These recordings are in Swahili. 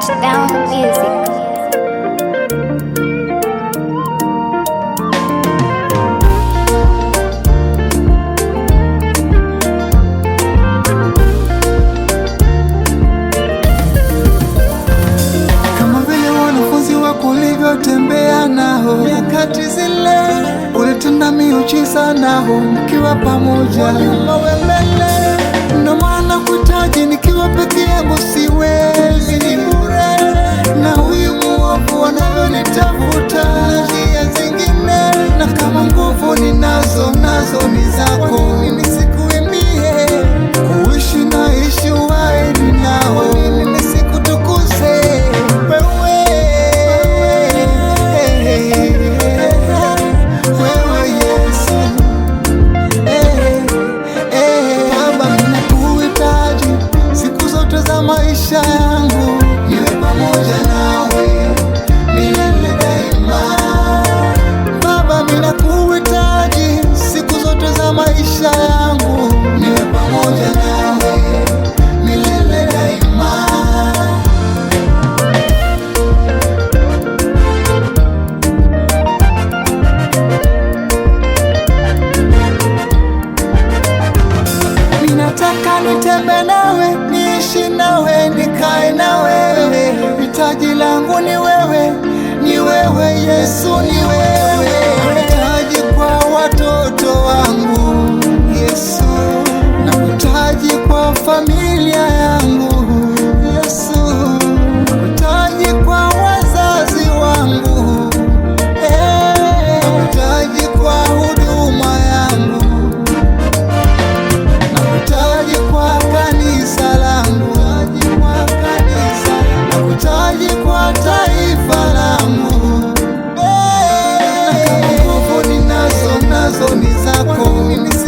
Touchdown Music. Kama wanafunzi wako ulivyotembea nao nyakati zile, ulitenda miujiza nao mkiwa pamoja, wawe mbele Nataka nitembe nawe, niishi nawe, nikae nawe, hitaji langu ni wewe, ni wewe Yesu, ni wewe zako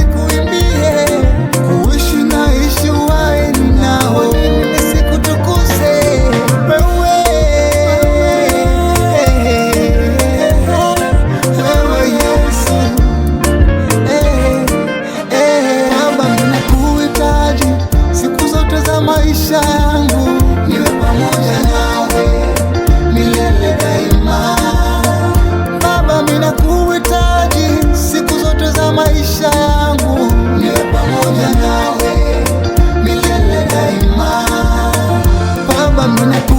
mwenye